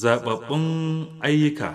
zababbun ayyuka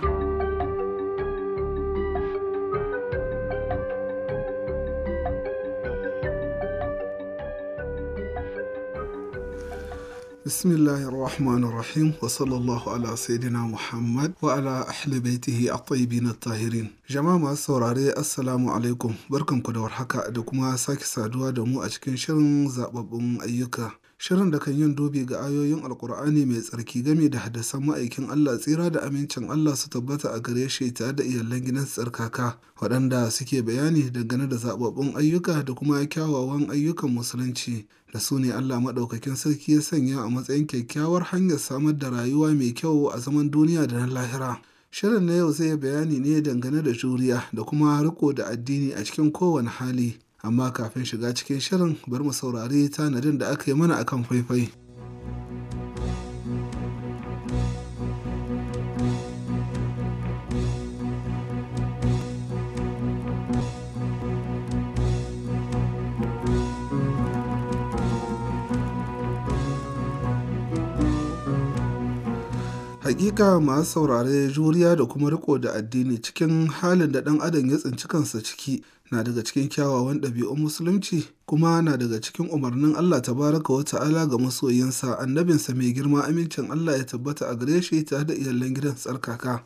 bismillahir rahmanir rahim wa sallallahu ala sayyidina muhammad wa ala ahli baitihi at-tayyibin at-tahirin jama'a masu saurare assalamu alaikum barkanku da warhaka da kuma sake saduwa da mu a cikin shirin zababbun ayyuka shirin da kan yin dubi ga ayoyin alkur'ani mai tsarki game da hadasan ma'aikin Allah tsira da amincin Allah su tabbata a gare shi tare da iyalan gidan tsarkaka waɗanda suke bayani dangane da zababbun ayyuka da kuma kyawawan ayyukan musulunci da su ne Allah maɗaukakin sarki ya sanya a matsayin kyakkyawar hanyar samar da rayuwa mai kyau a zaman duniya da na lahira. Shirin na yau zai bayani ne dangane da juriya da kuma riko da addini a cikin kowane hali. amma kafin shiga cikin shirin bar mu saurari tanadin da aka yi mana akan faifai. hakika masu saurare juriya da kuma riko da addini cikin halin da ɗan adam ya tsinci kansa ciki na daga cikin kyawawan ɗabi'un musulunci kuma na daga cikin umarnin Allah ta tabaraka wa ta'ala ga masoyinsa annabinsa mai girma amincin Allah ya tabbata a gare shi ta da iyalan gidan tsarkaka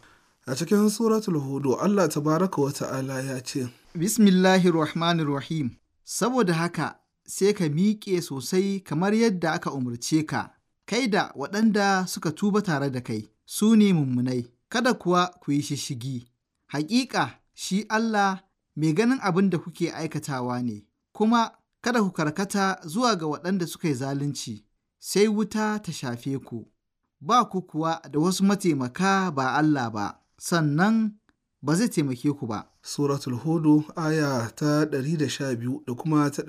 a cikin suratul hudu Allah ta baraka wa ta'ala ya ce bismillahir rahmanir rahim saboda haka sai ka miƙe sosai kamar yadda aka umarce ka kai da waɗanda suka tuba tare da kai su ne mummunai kada kuwa ku yi shishigi Haƙiƙa. shi Allah mai ganin abin da kuke aikatawa ne, kuma kada ku karkata zuwa ga waɗanda suka yi zalunci, sai wuta ta shafe ku, ba ku kuwa da wasu mataimaka ba Allah ba, sannan ba zai taimake ku ba. Suratul Hudu aya ta 112 da kuma ta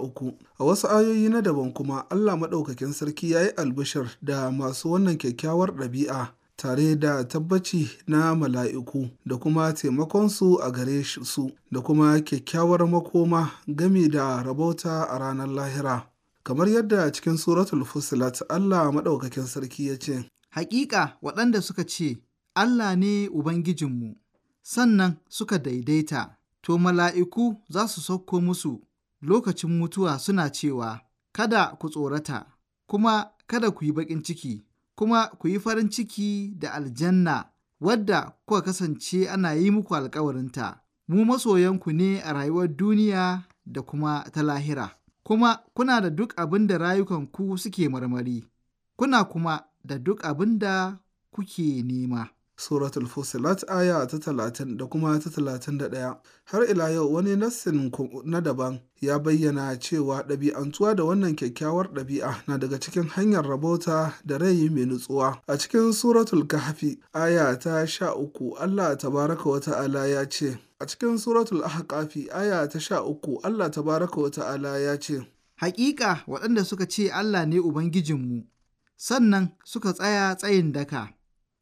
uku. A wasu ayoyi na daban kuma Allah Maɗaukakin Sarki ya yi albishir da masu wannan kyakkyawar ɗabi'a tare da tabbaci na mala'iku da kuma taimakonsu a gare su da kuma kyakkyawar makoma gami da rabauta a ranar lahira. Kamar yadda cikin suratul Fusilat Allah maɗaukakin sarki ya ce, Hakika waɗanda suka ce, Allah ne Ubangijinmu, sannan suka daidaita, to mala'iku za su sauko musu lokacin mutuwa suna cewa, Kada ku tsorata, kuma kada ku yi baƙin ciki. kuma ku yi farin ciki da aljanna wadda kuka kasance ana yi muku alkawarinta. Mu masoyanku ne a rayuwar duniya da kuma ta lahira, kuma kuna da duk abin da rayukanku suke marmari, kuna kuma da duk abin da kuke nema. suratul fusilat aya ta talatin da kuma ta talatin da ɗaya har ila yau wani nassin na daban ya bayyana cewa ɗabi'antuwa da wannan kyakkyawar ɗabi'a na daga cikin hanyar rabota da rai mai nutsuwa a cikin suratul kahfi aya ta sha uku allah tabaraka wa ta'ala ya ce a cikin suratul ahqafi aya ta sha uku allah tabaraka wa ta'ala ya ce Hakika waɗanda suka ce Allah ne Ubangijinmu, sannan suka tsaya tsayin daka,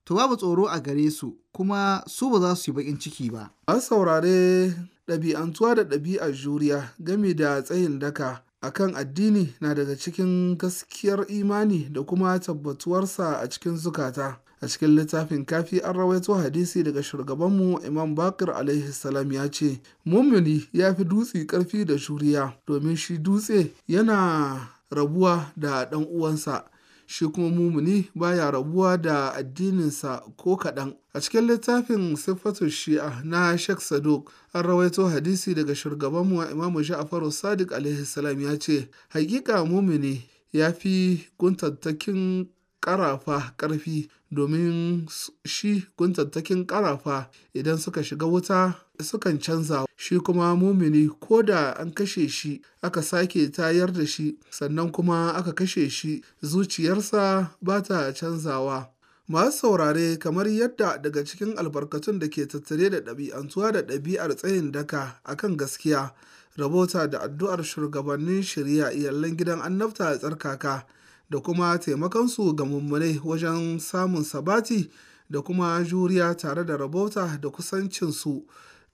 to babu tsoro a gare su kuma su ba za su yi baƙin ciki ba. An saurare ɗabi'antuwa da ɗabi'ar juriya game da tsayin daka a kan addini na daga cikin gaskiyar imani da kuma tabbatuwarsa a cikin zukata. A cikin littafin kafi an rawaito hadisi daga shugabanmu Imam Bakir alaihi salam ya ce, Mumini ya fi dutse ƙarfi da juriya domin shi dutse yana rabuwa da ɗan uwansa shi kuma mumuni baya rabuwa da addininsa ko kaɗan. A cikin littafin Siffatu Shi'a na Sheikh Saduk an rawaito hadisi daga shugabanmu mu Imamu Ja'faru Sadiq alaihi salam ya ce, "Hakika mumuni ya fi kuntattakin ƙarafa ƙarfi domin shi guntattakin ƙarafa idan suka shiga wuta sukan canza shi kuma mumini ko da an kashe shi aka sake tayar da shi sannan kuma aka kashe shi zuciyarsa ba ta canzawa masu saurare kamar yadda daga cikin albarkatun da ke tattare da ɗabi'antuwa da ɗabi'ar tsayin daka akan gaskiya rabota da addu'ar shugabannin shirya iyalan gidan annabta a tsarkaka da kuma taimakonsu ga mummunai wajen samun sabati da kuma juriya tare da rabota da kusancinsu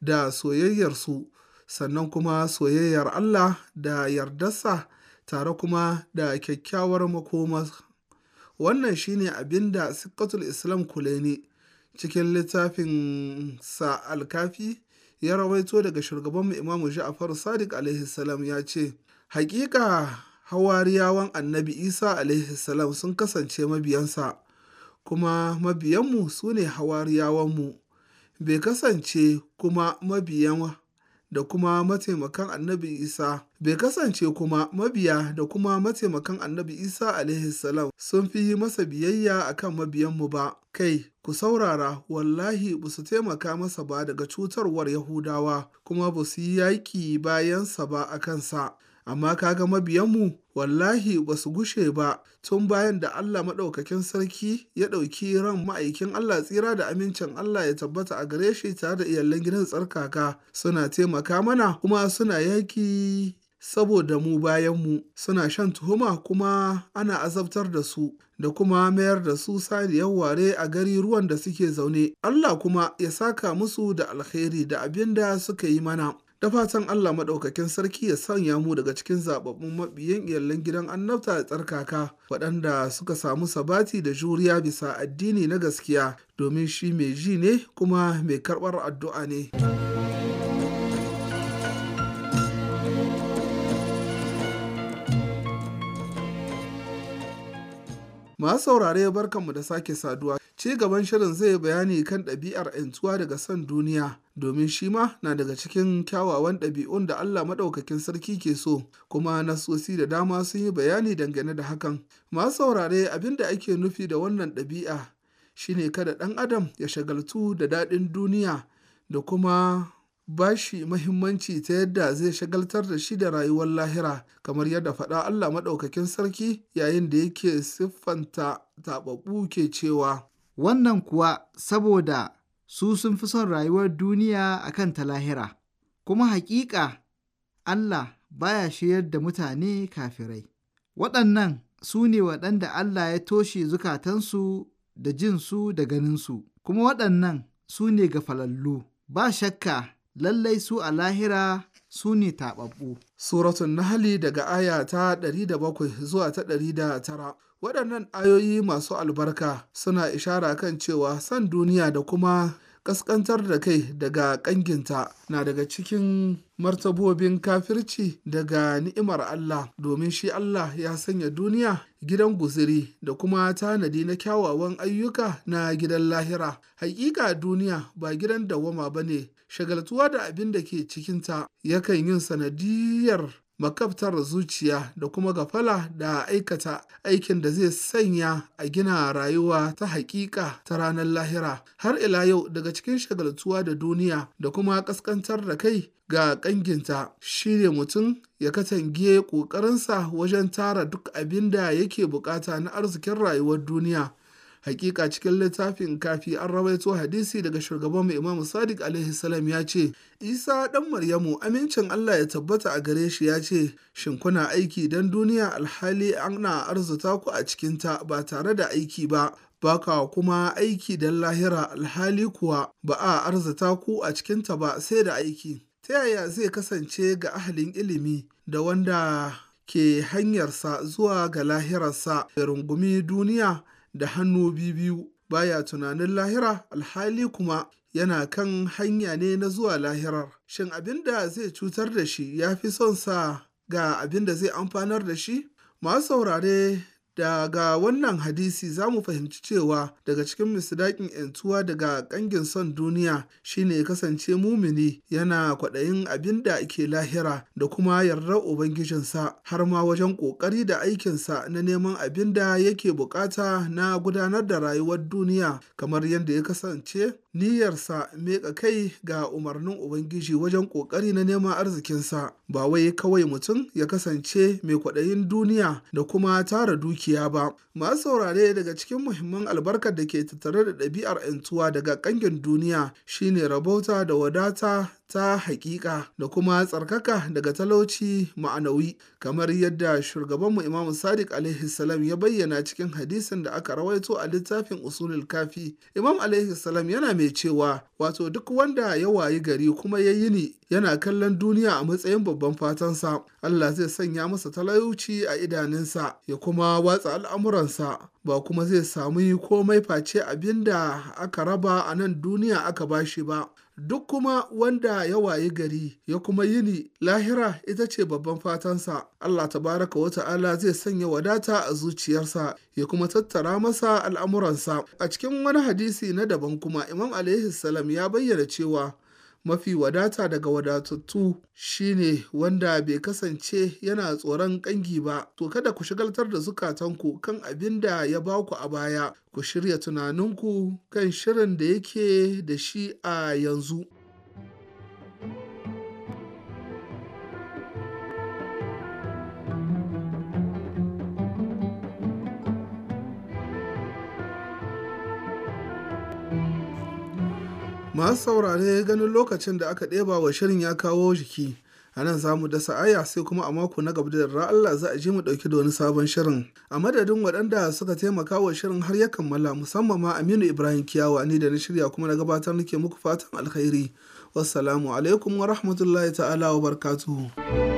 da soyayyarsu sannan kuma soyayyar Allah da yardarsa tare kuma da kyakkyawar makoma wannan shine abin da sikkatul islam kuleni cikin littafin sa alkafi ya rawaito daga shugabanmu imamu ja'far sadiq alaihi ya ce hakika hawariyawan annabi isa alaihi sun kasance mabiyansa kuma mabiyanmu su ne hawariyawanmu bai kasance kuma mabiyan da kuma mataimakan annabi isa bai kasance kuma mabiya da kuma mataimakan annabi isa alaihi sun fi masa biyayya akan mabiyanmu ba kai ku saurara wallahi ba su taimaka masa ba daga cutarwar yahudawa kuma ba su yi yaƙi bayansa ba a kansa amma kaga mabiyanmu wallahi ba su gushe ba tun bayan da Allah maɗaukakin sarki ya ɗauki ran ma'aikin Allah tsira da amincin Allah ya tabbata a gare shi tare da iyalan gidan tsarkaka suna taimaka mana kuma suna yaki saboda mu bayanmu suna shan tuhuma kuma ana azabtar da su da kuma mayar da su saniyar ware a gari ruwan da suke zaune Allah kuma ya saka musu da alkhairi da abin da suka yi mana da fatan Allah maɗaukakin sarki ya sanya mu daga cikin zaɓaɓɓun mabiyan iyalan gidan annabta da tsarkaka waɗanda suka samu sabati da juriya bisa addini na gaskiya domin shi mai ji ne kuma mai karɓar addu'a ne. Masu saurare barkanmu da sake saduwa, ci gaban shirin zai bayani kan ɗabi'ar 'yantuwa daga son duniya. domin shi ma na daga cikin kyawawan ɗabi'un da Allah maɗaukakin sarki ke so, kuma nasosi da dama sun yi bayani dangane da hakan. Masu saurare abin da ake nufi da wannan ɗabi'a shine kada ɗan adam ya shagaltu da daɗin duniya da kuma ba shi mahimmanci ta yadda zai shagaltar da shi da rayuwar lahira kamar yadda faɗa Allah maɗaukakin sarki yayin da yake siffanta taɓaɓɓu ke cewa. Wannan kuwa saboda su sun fi son rayuwar duniya a kan ta lahira, kuma haƙiƙa Allah baya shiyar da mutane kafirai. Waɗannan su ne waɗanda Allah ya toshe zukatansu da jinsu da ganinsu, kuma waɗannan su ne gafalallu, ba shakka lallai su a lahira su ne taɓaɓɓu. Suratun Nahali daga aya ta bakwai zuwa ta ɗari da tara. waɗannan ayoyi masu albarka suna ishara kan cewa san duniya da kuma ƙasƙantar da kai daga ƙanginta na daga cikin martabobin kafirci daga ni'imar Allah domin shi Allah ya sanya duniya gidan guziri da kuma tanadi na kyawawan ayyuka na gidan lahira. haƙiƙa duniya ba gidan dawama ba ne, shagaltuwa da abin da ke cikinta yakan yin sanadiyar makabtar zuciya da kuma gafala da aikata aikin da zai sanya a gina rayuwa ta hakika ta ranar lahira har ila yau daga cikin shagaltuwa da duniya da kuma kaskantar da kai ga kanginta shirya mutum ya katange ƙoƙarinsa wajen tara duk abin da yake bukata na arzikin rayuwar duniya hakika cikin littafin kafi an rawaito hadisi daga shugaban mu imamu sadiq alaihi salam ya ce isa dan maryamu amincin allah ya tabbata a gare shi ya ce shin kuna aiki dan duniya alhali ana arzuta ku a cikinta ba tare da aiki ba baka kuma aiki dan lahira alhali kuwa ba a arzuta ku a cikinta ba sai da aiki ta yaya zai kasance ga ahalin ilimi da wanda ke hanyarsa zuwa ga lahirarsa rungumi duniya da hannu biyu baya tunanin lahira alhali kuma yana kan hanya ne na zuwa lahirar shin abin da zai cutar da shi ya fi son sa ga abin da zai amfanar da shi masu saurare Daga wannan hadisi za mu fahimci cewa daga cikin misdaƙin ‘yantuwa daga ƙangin son duniya shine ne kasance mumini yana kwaɗayin abin da ke lahira da kuma yardar Ubangijinsa har ma wajen ƙoƙari da aikinsa na neman abin da yake buƙata na gudanar da rayuwar duniya kamar yadda ya kasance niyyarsa miƙa kai ga umarnin Ubangiji wajen ƙoƙari na neman arzikinsa, ba wai kawai mutum ya kasance mai kwaɗayin duniya da kuma tara dukiya ba. Masu saurare daga cikin muhimman albarkar da ke tattare da ɗabi'ar ‘yantuwa daga ƙangin duniya shine rabauta da wadata ta hakika da kuma tsarkaka daga talauci ma'anawi kamar yadda shugabanmu imamu sadiq alaihi salam ya bayyana cikin hadisin da aka rawaito a littafin usulul kafi imam alaihi salam yana mai cewa wato duk wanda ya wayi gari kuma ya yini yana kallon duniya a matsayin babban fatansa allah zai sanya masa talauci a idanunsa ya kuma watsa al'amuransa ba kuma zai sami komai face abinda aka raba a nan duniya aka bashi ba duk kuma wanda ya wayi gari ya kuma yini lahira ita ce babban fatansa Allah tabaraka wa ta'ala zai sanya wadata a zuciyarsa ya kuma tattara masa al'amuransa a cikin wani hadisi na daban kuma imam alaihi salam ya bayyana cewa mafi wadata daga wadatattu shine wanda bai kasance yana tsoron ƙangi ba, to kada ku shagaltar da zukatanku kan abin da ya baku a baya, ku shirya tunaninku kan shirin da yake da shi a yanzu. masu saurare ganin lokacin da aka ɗeba wa shirin ya kawo jiki a nan za mu dasa aya sai kuma a mako na gaba da Allah za a ji mu ɗauki da wani sabon shirin a madadin waɗanda suka taimaka wa shirin har ya kammala musamman ma Aminu Ibrahim Kiyawa ni da na shirya kuma na gabatar nake muku fatan alkhairi wassalamu alaikum wa rahmatullahi ta'ala wa barkatu.